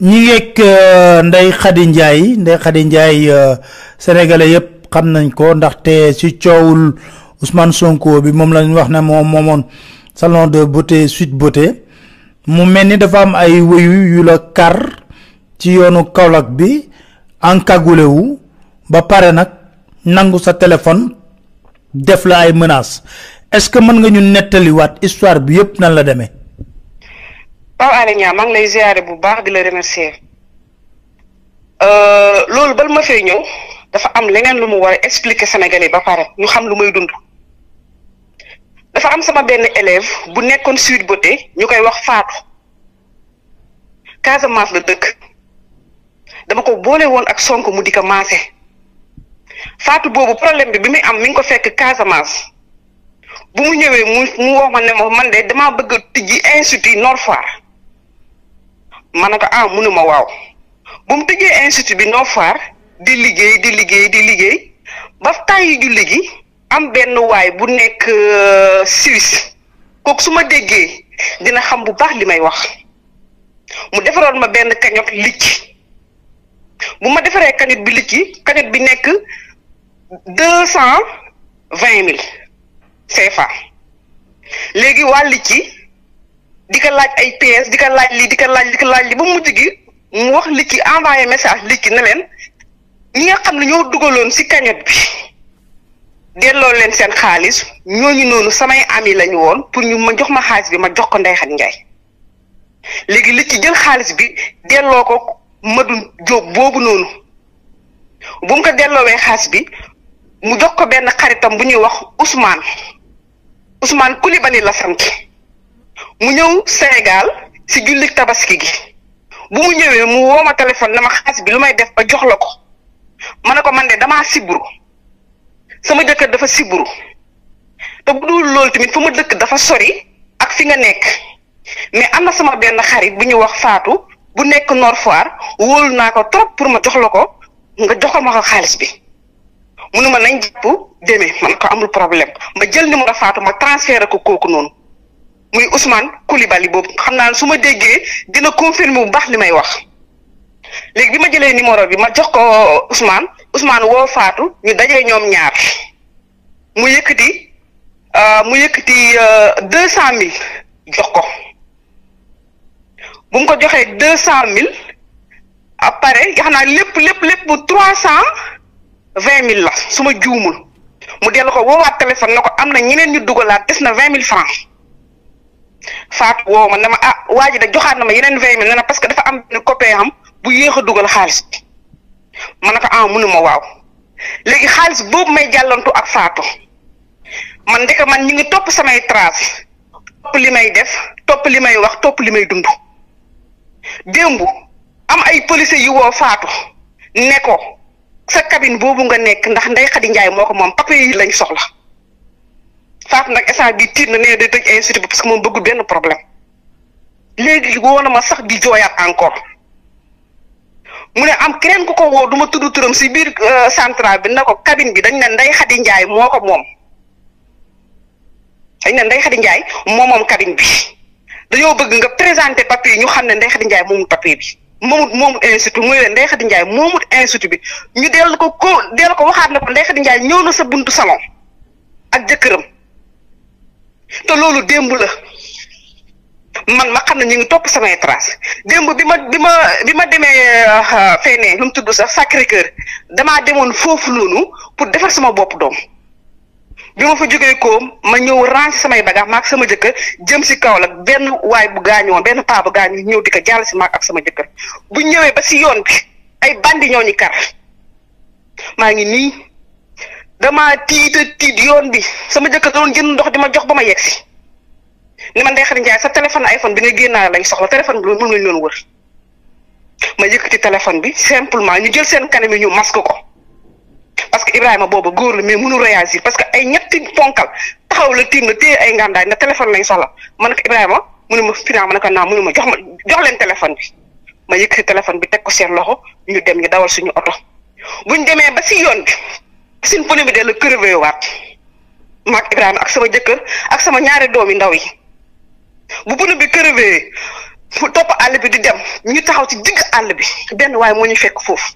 ñi ngeeg euh, Ndeye Khady Ndiaye Ndeye Khady Ndiaye euh, sénégalais yëpp xam nañ ko ndaxte ci coowul Ousmane Sonko bi moom lañu wax ne moom moomoon salon de beauté suite beauté mu mel ni dafa am ay wéyu yu la kar ci yoonu Kaolack bi encagoulé wu ba pare nag nangu sa téléphone def la ay menaces est-ce que mën nga ñu nettaliwaat histoire bi yëpp nan la demee. Pape Alé Niang maa ngi lay ziare bu baax di la remercier euh, loolu bal ma fay ñëw dafa am leneen lu mu war a expliquer ba pare ñu xam lu may dund dafa am sama benn élève bu nekkoon Sweet Beauté ñu koy wax Fatou Casamance la dëkk dama ko boole woon ak Sonko mu di ko maase Fatou boobu problème bi bi muy am mi ko fekk Casamance bu mu ñëwee mu mu wax ma ne ma man de damaa bëgg a tijji institut Nord Foire ma ne ko ah munuma waaw bu mu tëjee institut bi noo di liggéey di liggéey di liggéey ba temps yi julli gi am benn waay bu nekk euh, Suisse kook su ma déggee dina xam bu baax li may wax mu defaroon ma benn kañot licc bu ma defaree kañot bi licc kañot bi nekk deux cent vingt mille CFA léegi waa licc di ko laaj ay PS di ko laaj lii di ko laaj di ko laaj li ba mujj gi mu wax li ci envoyé message li ci ne leen ñi nga xam ne ñoo dugaloon si cagnotte bi delloo leen seen xaalis ñooñu noonu samay am yi lañu woon pour ñu ma jox ma xaalis bi ma jox ko Ndeye Khady Ndiaye léegi li ci jël xaalis bi delloo ko Madou Diop boobu noonu bu ko delloowee xaalis bi mu jox ko benn xaritam bu ñuy wax Ousmane Ousmane Coulibaly la ki mu ñëw Sénégal si jullik tabaski gi bu mu ñëwee mu woo ma téléphone na ma xaalis bi lu may def ba jox la ko ma ne ko man de damaa siburu sama jëkkër dafa siburu te bu dul loolu tamit fa ma dëkk dafa sori ak fi nga nekk mais am na sama benn xarit bu ñuy wax Fatou bu nekk Nord wóolu naa ko trop pour ma jox la ko nga joxal ma ko xaalis bi mu ne ma nañ jàpp demee man ko amul problème ma jël numéro faatu ma transféré ko kooku noonu. muy Ousmane Koulibaly boobu xam naa su ma déggee dina confirmer bu baax li may wax léegi bi ma jëlee numéro bi ma jox ko Ousmane Ousmane woo faatu ñu dajee ñoom ñaar mu yëkkati euh, mu yëkkati euh, deux cent mille jox ko bu mu ko joxee deux cent mille après nga xam naa lépp lépp lépp bu trois cent vingt mille la su ma juumul mu dellu ko woowaat téléphone na ko am na ñeneen ñu dugalaat tes na vingt mille francs faat woo ma ne ma ah waa ji da joxaat na ma yeneen vingt mille ne na parce que dafa am benn copain am bu yéex a dugal xaalis bi ma ne ah, waaw léegi xaalis boobu may jàllantu ak Fatou man ndeke man ñu ngi topp samay traces topp li may def topp li may wax topp li may dund démb am ay policiers yu woo Fatou ne ko sa cabine boobu nga nekk ndax Ndeye Khady Ndiaye moo ko moom papier yi lañ soxla. Fatou nag instant bi tiit na nee day tëj institut bi parce que moom bëggul benn problème léegi woo na ma sax di jooyaat encore mu ne am keneen ku ko woo du ma tudd turam si biir euh, central bi na ko cabine bi dañ ne Ndeye xadi Ndiaye moo ko moom dañ ne Ndeye Khady moo moom cabine bi dañoo bëgg nga présenter papier ñu xam ne Ndeye Khady Ndiaye moomut papier bi moomut moomut institut muy leen Ndeye Khady Ndiaye moomut institut bi ñu dellu ko ko dellu ko waxaat na ko Ndeye Khady Ndiaye ñëw na sa buntu salon ak jëkkëram te loolu démb la man ma xam ne ñu ngi topp samay trace démb bi ma bi ma bi ma demee euh, euh, feneen lu mu tudd sax Sacré Cœur damaa demoon foofu loonu pour defar sama bopp doom bi ma fa jógee koom ma ñëw range samay bagaas maak sama jëkkër jëm si Kaolack benn waay bu gaañoo benn paa bu gaañu ñëw di ko jàll si maak ak sama jëkkër bu ñëwee ba si yoon bi ay bandi ñoo kar maa ngi nii damaa tiita tiit yoon bi sama jëkkër doon jënd ndox di ma jox ba ma yegg si ni man Ndeye Khady Ndiaye sa téléphone iPhone bi nga génnaa lañ soxla téléphone bi loolu moom lañ doon wër ma yëkkati téléphone bi simplement ñu jël seen kanam ñu masque ko parce que Ibrahima boobu góor la mais mënu réagir parce que ay ñetti ponkal taxaw la tiim la téye ay ngàndaay téléphone lañ soxla ma ne ko Ibrahima mënu ma finaa ma ne ko ma jox ma jox leen téléphone bi ma yëkkati téléphone bi teg ko seen loxo ñu dem ñu dawal suñu oto buñ demee ba si yoon bi. suñ pneu bi dellu crevé waat maag Ibrahima ak sama jëkkër ak sama ñaare doom yi ndaw yi bu pneu bi crevé fu topp àll bi di dem ñu taxaw ci digg àll bi benn waaye moo ñu fekk foofu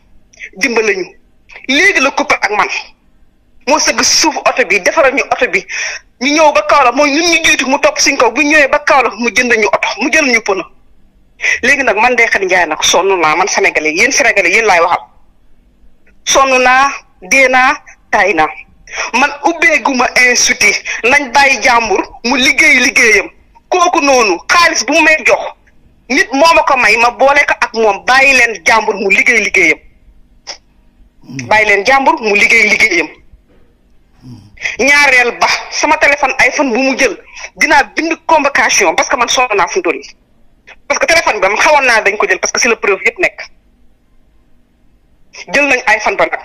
dimbale ñu léegi la coupé ak man moo sëgg suuf oto bi defaral ñu oto bi ñu ñëw ba Kaolack mooy ñun ñu jiitu mu topp suñ kaw bu ñëwee ba Kaolack mu jënd ñu oto mu jël ñu pneu léegi nag man Ndeye Khady Ndiaye nag sonn naa man Sénégalais yéen Sénégalais yéen laay waxal sonn naa tay na man ubbeeguma institut nañ bàyyi jàmbur mu liggéey liggéeyam kooku noonu xaalis bu mu may jox nit moo ma ko may ma boole ko ak moom bàyyi leen jàmbur mu liggéey liggéeyam bàyyi leen jàmbur mu liggéey liggéeyam ñaareel ba sama téléphone iPhone bu mu jël dinaa bind convocation parce que man sonn naa fu mu toll parce que téléphone bi man xawoon naa dañ ko jël parce que si la preuve yëpp nekk jël nañ ay fan ba nag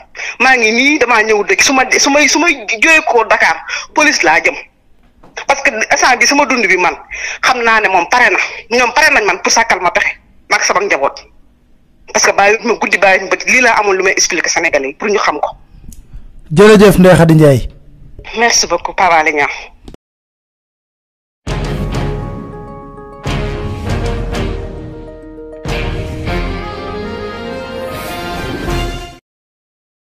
maa ngi nii damaa ñëw dëkk su ma su may su may jógee koo Dakar police laa jëm parce que instant bi sama dund bi man xam naa ne moom pare na ñoom pare nañ man pour sàkkal ma pexe maag sama njaboot parce que bàyyi ma guddi bàyyi ma bët lii laa amoon lu may expliquer Sénégalais yi pour ñu xam ko. jërëjëf Ndeye di Ndiaye. merci beaucoup Papa Alé Niang.